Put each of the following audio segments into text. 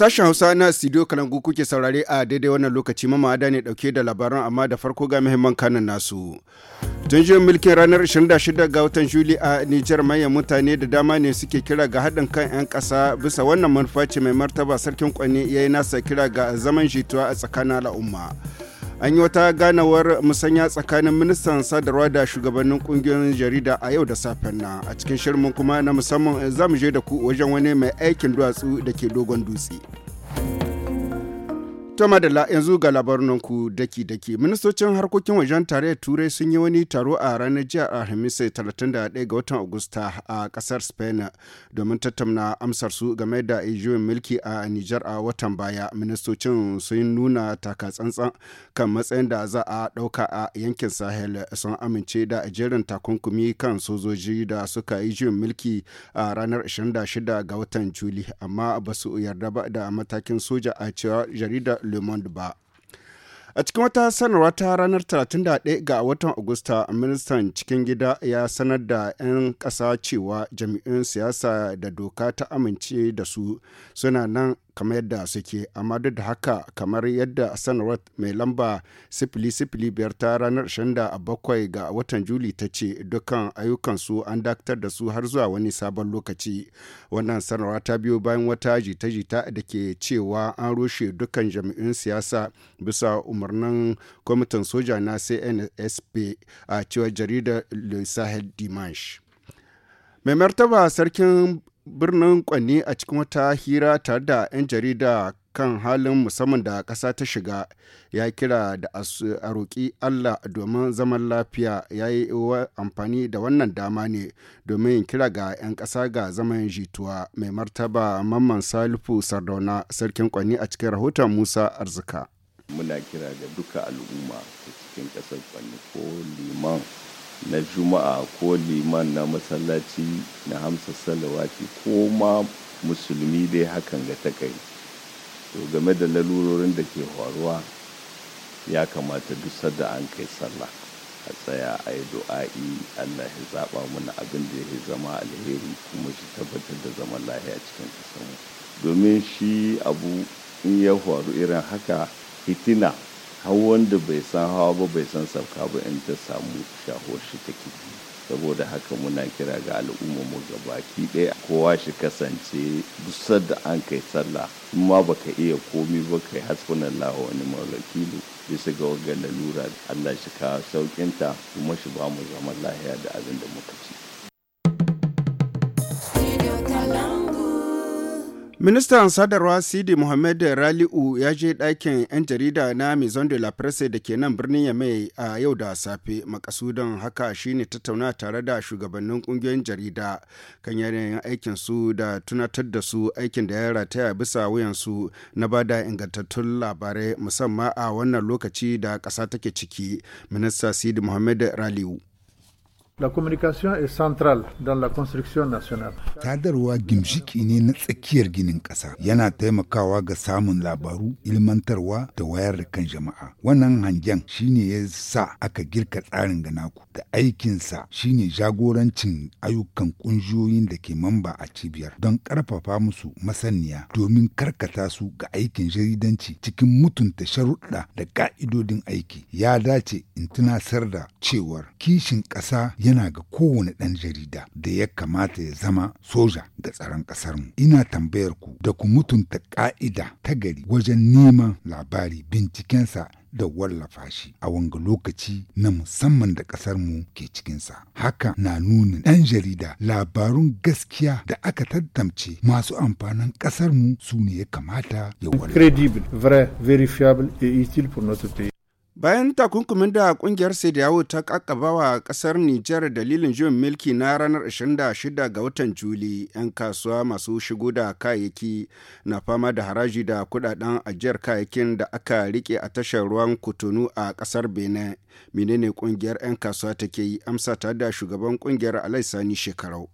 Sashen Hausa na studio Kalangu kuke saurare a daidai wannan lokaci mamada ne dauke da labaran amma da farko ga muhimman kanan nasu. Tun jiya mulkin ranar 26 ga watan Juli a Nijar manyan mutane da dama ne suke kira ga haɗin kan 'yan ƙasa bisa wannan manufa ce mai martaba sarkin kwanne ya yi nasa kira ga zaman jituwa a tsakanin al'umma. an yi wata ganawar musanya tsakanin ministan sadarwa da shugabannin kungiyoyin jarida a yau da safen na a cikin shirin kuma na musamman za mu je da ku wajen wani mai aikin duwatsu da ke dogon dutse. To Madala yanzu ga labarin ku daki-daki. Ministocin harkokin wajen tarayyar Turai sun yi wani taro a ranar jiya a Alhamis 31 eh, ga watan Agusta a kasar Spain domin tattauna amsar su game da juyin mulki a niger a watan baya. Ministocin sun nuna taka tsantsan kan matsayin da za a dauka a yankin Sahel sun amince da jerin takunkumi kan sojoji da suka yi juyin mulki a ranar 26 ga watan Juli amma ba su yarda ba da matakin soja a cewa jarida. Le Monde ba. A cikin wata sanarwa ta ranar 31 ga watan Agusta, ministan cikin gida ya sanar da 'yan ƙasa cewa jami'in siyasa da doka ta amince da su suna nan kamar yadda suke amma duk da haka kamar yadda sanarwar mai lamba sifili sifili biyar ta ranar bakwai ga watan juli ta ce dukkan ayyukansu an dakatar da su har zuwa wani sabon lokaci wannan sanarwa ta biyo bayan wata jita-jita da ke cewa an rushe dukkan jami'in siyasa bisa umarnin kwamitin soja na cnsp a cewar jaridar le sahel dimanche mai martaba sarkin birnin kwanni a cikin wata hira tare da 'yan jarida kan halin musamman da ƙasa ta shiga ya kira da a roƙi Allah domin zaman lafiya ya yi amfani da wannan dama ne domin kira ga 'yan ƙasa ga zaman jituwa mai martaba mamman salifu sardauna sarkin kwani a cikin rahoton musa arzika muna kira da duka al'umma cikin ƙasar kwani ko liman na juma'a ko liman na masallaci na hamsa salawati ko ma musulmi dai hakan ga ta kai to game da lalurorin da ke faruwa ya kamata duk da an kai sallah a tsaya a yi du'a'i allah ya zaɓa mana abin da ya zama alheri kuma shi tabbatar da zaman lahiya cikin kasar domin shi abu in ya faru irin haka hitina har wanda bai san hawa ba bai san sauka ba in ta samu shahuwar shi take saboda haka muna kira ga al'umma mu ga baki ɗaya kowa shi kasance dusar da an kai sallah in ma baka iya komi ba kai haskuna lawa wani mawakilu bisa ga wagan lalura Allah shi kawo sauƙinta kuma shi ba mu zaman lahiya da abin da muka ci Ministan sadarwa Sidi Mohamed Rali'u ya je ɗakin 'yan jarida na Maison de la Presse da ke nan birnin Yamai a yau da safe makasudan haka shine tattauna tare da shugabannin ƙungiyoyin jarida kan yanayin aikin su da tunatar da su aikin da ya rataya bisa wuyansu na ba da ingantattun labarai musamman a wannan lokaci da ƙasa take ciki. Minista Sidi Mohamed Rali'u. La communication est centrale dans la construction nationale. Sadarwa gimjik ne na tsakiyar ginin kasa. Yana taimakawa ga samun labaru, ilmantarwa da wayar da kan jama'a. Wannan hangen shine ya sa aka girka tsarin ganaku da aikin sa shine jagorancin ayyukan ƙungiyoyin da ke mamba a cibiyar don karfafa musu masaniya domin karkata su ga aikin jaridanci cikin mutunta sharuɗa da ƙa'idodin aiki. Ya dace in tunasar da cewar kishin ƙasa ya yana ga kowane ɗan jarida da ya kamata ya zama soja da tsaron ƙasar mu Ina tambayar ku da ku mutunta ƙa'ida ta gari wajen neman labari bincikensa da wallafa shi a wanga lokaci na musamman da ƙasarmu ke cikinsa. Haka na nuna ɗan jarida labarun gaskiya da aka tantance masu amfanin ƙasarmu su ne ya kamata ya wallafa. Credible, vrai, verifiable et utile pour notre pays. Bayan takunkumin da kungiyar Sediyawo ta kakaba wa kasar Nijar dalilin juyin milki na ranar 26 ga watan Juli, 'yan kasuwa masu shigo da kayayyaki na fama da haraji da kudaden ajiyar kayayyakin da aka rike a tashar ruwan Kotonu a kasar Benin. Menene kungiyar 'yan kasuwa take yi amsa ta da shugaban kungiyar Alaisani shekarau.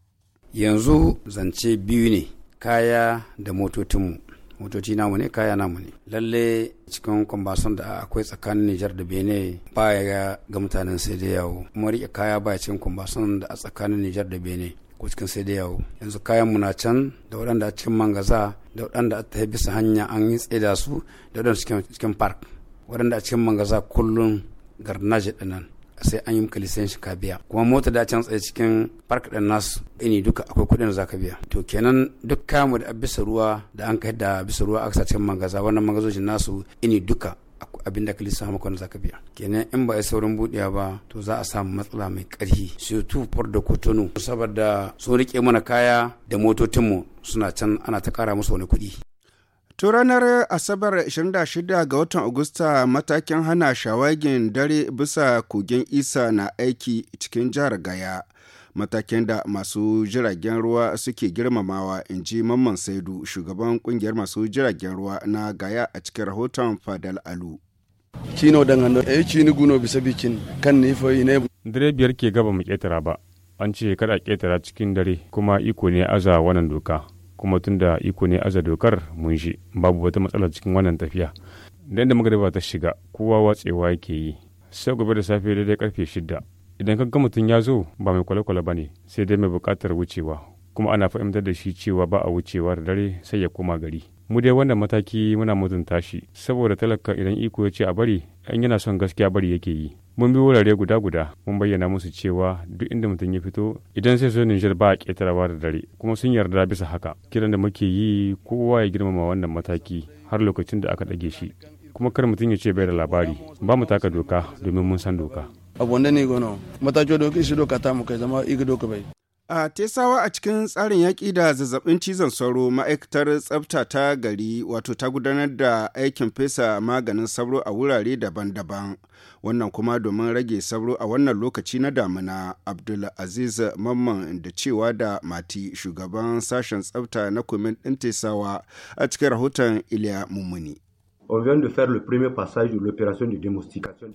Yanzu zance biyu ne, kaya da motocinmu. motoci namu ne kaya namu ne lalle cikin kwambasan da akwai tsakanin nijar da bene ba ya ga mutanen sai da yawo kuma riƙe kaya baya cikin kwambasan da a tsakanin nijar da bene ko cikin sai da yawo yanzu kayan mu na can da waɗanda a cikin mangaza da waɗanda a ta bisa hanya an yi tsaida su da waɗanda cikin park waɗanda a cikin mangaza kullum garnaje ɗinan sai an yi maka shi ka biya kuma mota da can tsaye cikin park ɗin nasu ini duka akwai kuɗin da zaka biya to kenan duk kamu da bisa ruwa da an kai da bisa ruwa aka cikin mangaza wannan mangazojin nasu ini duka abin da kalisa maka za zaka biya kenan in ba a saurin buɗewa ba to za a samu matsala mai ƙarfi su tufar da kotonu saboda sun rike mana kaya da motocinmu suna can ana ta ƙara musu wani kuɗi To ranar Asabar 26 ga watan Agusta matakin hana shawagin dare bisa kogin Isa na aiki cikin jihar Gaya. Matakin da masu jiragen ruwa suke girmamawa in ji Mamman Saidu shugaban kungiyar masu jiragen ruwa na Gaya a cikin rahoton Fadal Alu. Cino dangano, e eh, cini guno bisa bikin kan nifoyi ne. Dare biyar ke gaba mu ketara ba, an ce kada ketara cikin dare kuma iko ne aza wannan doka. kuma tun da iko ne aza dokar mun shi babu wata matsala cikin wannan tafiya da inda magariba ta shiga kowa watsewa yake yi sai gobe da safe daidai karfe shida idan kaga mutum ya zo ba mai kwale-kwale ba ne sai dai mai buƙatar wucewa kuma ana fahimtar da shi cewa ba a wucewa da dare sai ya koma gari mu dai wannan mataki muna mutunta shi saboda talaka idan iko ya ce a bari an yana son gaskiya bari yake yi mun bi wurare guda guda mun bayyana musu cewa duk inda mutum ya fito idan sai so Nijar ba a ketarawa da dare kuma sun yarda bisa haka kiran da muke yi kowa ya girmama wannan mataki har lokacin da aka ɗage shi kuma kar mutum ya ce bai da labari ba mu taka doka domin mun san doka abu wanda ne gono matakin doka shi doka ta mu kai zama iga doka bai A Tesawa a cikin tsarin yaƙi da zazzabin cizon sauro ma'aikatar tsafta ta gari wato ta gudanar da aikin fesa maganin sauro a wurare daban-daban. Wannan kuma domin rage sauro a wannan lokaci na damina Abdulaziz Mamman da cewa da mati shugaban sashen tsafta na kumin ɗin Tesawa a cikin rahoton Iliya Mummuni. vient de de faire le premier passage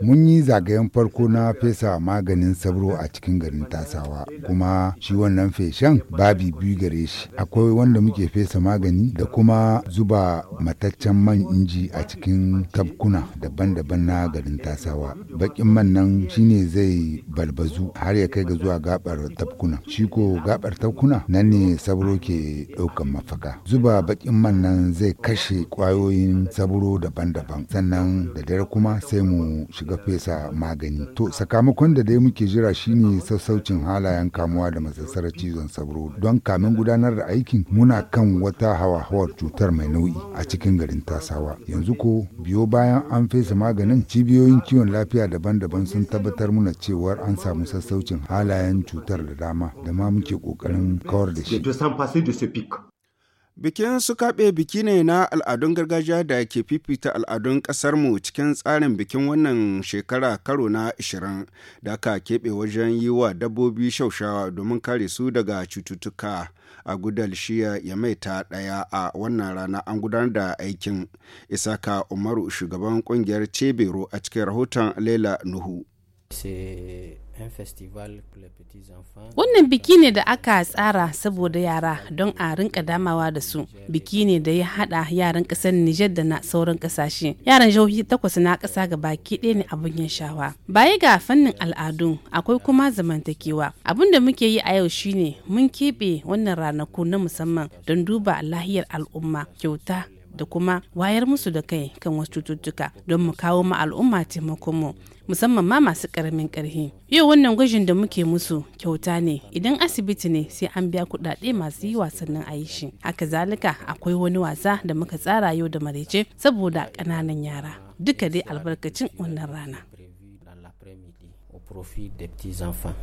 Mun yi zagayen farko na fesa maganin sabro a cikin garin tasawa kuma shi wannan feshen babi biyu gare shi akwai wanda muke fesa magani da kuma zuba mataccen man inji a cikin tabkuna daban-daban na garin tasawa bakin man nan shine zai balbazu har ya kai ga zuwa gabar tabkuna shi ko gabar tabkuna nan ne sabro ke ɗaukan mafaka zuba bakin man nan zai kashe kwayoyin sabro daban-daban sannan da dare kuma sai mu shiga fesa magani to sakamakon da dai muke jira shine sassaucin halayen kamuwa da masassarar cizon sauro don kamin gudanar da aikin muna kan wata hawa-hawar cutar mai nau'i a cikin garin tasawa yanzu ko biyo bayan an fesa maganin cibiyoyin kiwon lafiya daban-daban sun tabbatar muna cewar an samu sassaucin halayen cutar da dama da ma muke kokarin kawar da shi Bikin su kaɓe biki ne na al'adun gargajiya da ke fifita al'adun ƙasarmu cikin tsarin bikin wannan shekara karo na 20 da aka keɓe wajen yi wa dabbobi shaushawa domin kare su daga cututtuka. A gudal shiya ya mai ta ɗaya a wannan rana an gudanar da aikin. Isaka Umaru shugaban ƙungiyar Cebero a cikin rahoton Laila Nuhu. Wannan biki ne da aka tsara saboda yara don a rinka damawa da su. Biki ne da ya hada yaran kasar Nijar da na sauran kasashe. Yaran jihohi takwas na kasa ga baki ɗaya ne abin yin shawa. Baya ga fannin al'adu akwai kuma zamantakewa. Abin da muke yi a yau shine mun keɓe wannan ranaku na musamman don duba lahiyar al'umma kyauta da kuma wayar musu da kai kan wasu cututtuka don mu kawo ma al'umma taimakon mu musamman ma masu karamin karhi yau wannan gwajin da muke musu kyauta ne idan asibiti ne sai an biya kuɗaɗe masu yi wasannin a haka zalika akwai wani wasa da muka tsara yau da marece saboda ƙananan yara duka dai albarkacin wannan rana profit des petits enfants.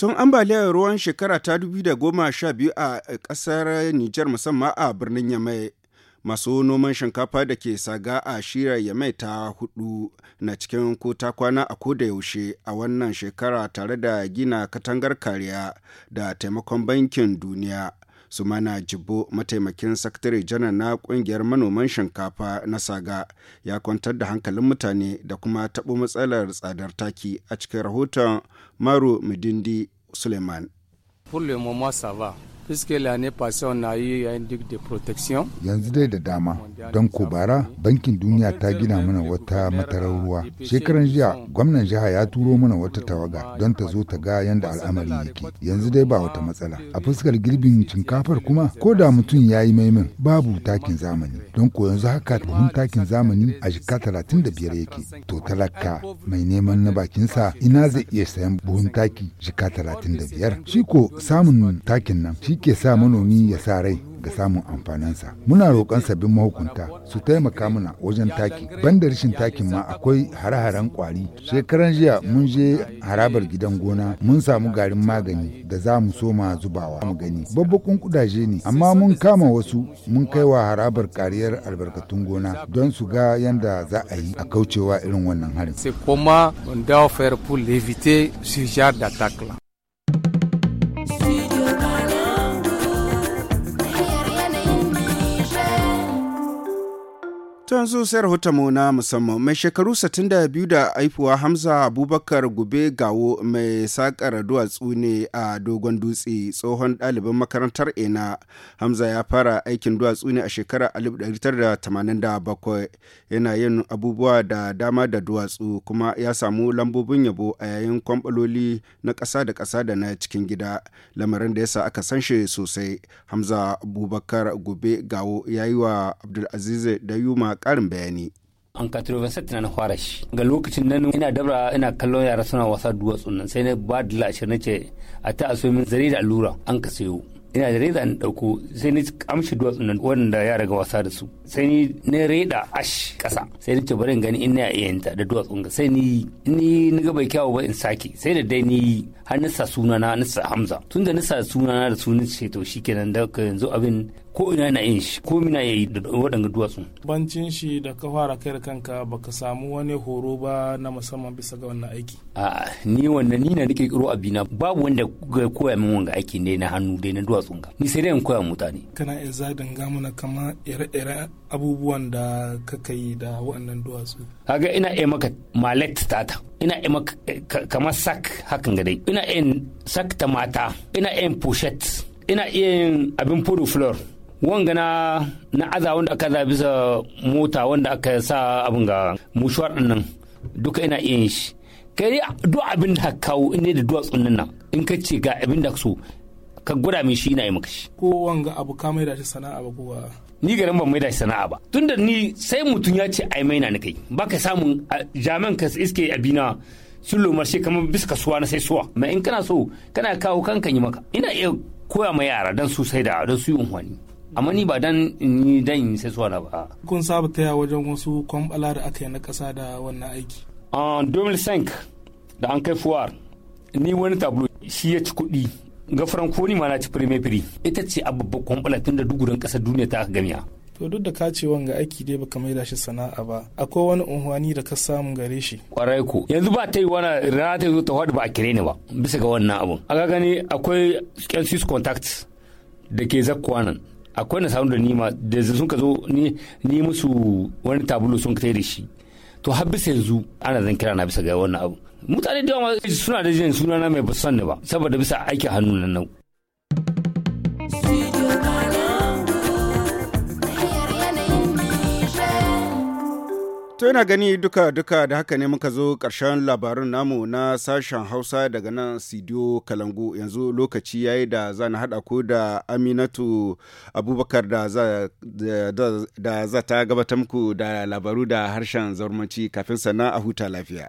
Tun ambaliyar ruwan shekara ta biyu a ƙasar Nijar musamman a birnin Yamai masu noman shinkafa da ke saga a shira yamai ta hudu na cikin ko ta kwana a koda yaushe a wannan shekara tare da gina katangar kariya da taimakon bankin duniya sumana jibo mataimakin sakatare janar na kungiyar manoman shinkafa na saga ya kwantar da hankalin mutane da kuma tabo matsalar tsadar taki a cikin rahoton maro midindi suleiman puisque l'année passée on a eu un duc de protection. Yanzu dai da dama don ko bara bankin duniya ta gina mana wata matarar ruwa. Shekaran jiya gwamnan jiha ya turo mana wata tawaga don ta zo ta ga yanda al'amari yake. Yanzu dai ba wata matsala. A fuskar girbin shinkafar kuma ko da mutum ya yi maimin babu takin zamani. Don ko yanzu haka buhun takin zamani a shika talatin da biyar yake. To talaka mai neman na bakin sa ina zai iya sayan buhun taki shika talatin da biyar. Shi ko samun takin nan shi ke sa manomi ya sa rai ga samun amfaninsa. Muna roƙon sabbin mahukunta su taimaka mana wajen taki. Banda rashin takin ma akwai hare-haren kwari. Shekaran jiya mun je harabar gidan gona mun samu garin magani da za mu soma zubawa mu gani. Babbakun kudaje ne amma mun kama wasu mun kai wa harabar kariyar albarkatun gona don su ga yanda za a yi a kaucewa irin wannan harin. C'est comment pour To yanzu sai mu na musamman mai shekaru 62 da aifuwa Hamza Abubakar Gube Gawo mai sakar duwatsu ne a Dogon Dutse tsohon ɗaliban makarantar Ena. Hamza ya fara aikin duwatsu ne a shekara 1987 yana yin abubuwa da dama da duwatsu kuma ya samu lambobin yabo a yayin kwambaloli na ƙasa da ƙasa da na cikin gida lamarin da yasa aka san shi sosai. Hamza Abubakar Gube Gawo ya yi wa Abdulaziz Dayuma ƙarin bayani. an ka sattina na fara shi ga lokacin nan ina dabra ina kallon yara suna wasa duwa nan sai na ba da lashe na ce a ta aso min zare da allura an ka sayo ina da reza na ɗauko sai ni kamshi duwatsun nan wanda yara ga wasa da su sai ni na reda ash kasa sai ni ce bari in gani in na iya yanta da duwatsun ga sai ni ni na ga bai kyawu ba in sake sai da dai ni har nisa sunana nisa hamza tun da nisa sunana da sunan ce to shikenan da yanzu abin ko ina na yin shi ko mina yayi da waɗanda duwatsun. bancin shi da ka fara kai da kanka baka samu wani horo ba na musamman bisa ga wannan aiki a ni wannan ni na nake kiro abina babu wanda ga koya min wanga aiki ne na hannu dai na duwatsun ga ni sai dai in koya mutane kana iya zadin gamuna kama ire-ire abubuwan da ka kai da waɗannan duwatsu kaga ina iya maka malet tata ina iya maka kamar sak hakan ga dai ina iya sak ta mata ina iya pochette ina iya abin fudu flor wanga na na aza wanda aka za bisa mota wanda aka sa abin ga mushuwar nan duka ina iya shi kai duk abin da kawo in da duwatsun nan in ka ce ga abin da so ka gwada min shi ina yi maka shi ko wanga abu ka mai da shi sana'a ba ko ni garin ban mai da shi sana'a ba tunda ni sai mutum ya ce ai maina ni kai Ba ka samun jaman ka iske abina sun shi kamar bisa kasuwa na sai suwa mai in kana so kana kawo kanka yi maka ina iya koya ma yara don su sai da don su yi unhwani amma ni ba dan ni dan sai suwa na ba kun saba taya wajen wasu kwambala da aka yi na kasa da wannan aiki a ah, 2005 da an kai fuwar ni wani tablo shi ya ci kuɗi gafaran ko ni ma na ci premier prix ita ce a babban kwambala tun da duguran ƙasa duniya ta aka gamiya to duk da ka ce wanga aiki dai baka maida shi sana'a ba akwai wani unhwani da ka samu gare shi kwarai ko yanzu ba ta yi wani rana ta zo ta faɗi ba a kire ni ba bisa ga wannan abun a gani akwai Kensis contact da ke zakkuwa nan akwai na samun da nima da sun ka zo ni musu wani tabulu sun ka da shi to har bisa yanzu ana zan kira na bisa ga wannan abu mutane da yawa suna da jin sunana mai basan da ba saboda bisa aikin hannu nan To yana gani duka-duka da haka ne muka zo karshen labarin namu na sashen Hausa daga nan Sidiyo Kalangu yanzu lokaci yayi da za na haɗa ko da Aminatu Abubakar da za ta gabatar muku da labaru da harshen zaurmanci kafin sana a huta lafiya.